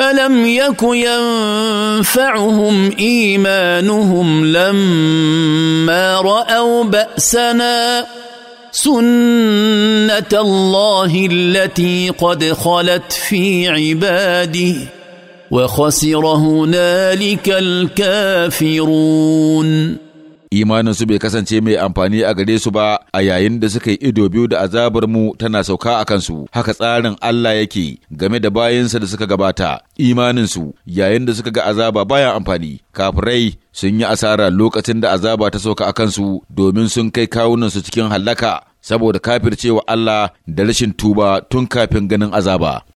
فلم يك ينفعهم ايمانهم لما راوا باسنا سنه الله التي قد خلت في عباده وخسر هنالك الكافرون imaninsu bai kasance mai amfani a gare su ba a yayin da suka yi ido biyu da azabar mu tana sauka a kansu haka tsarin Allah yake game da bayansa da suka gabata imaninsu yayin da suka ga azaba baya amfani kafirai sun yi asara lokacin da azaba ta sauka a kansu domin sun kai kawunansu cikin hallaka saboda kafircewa Allah da rashin tuba tun kafin ganin azaba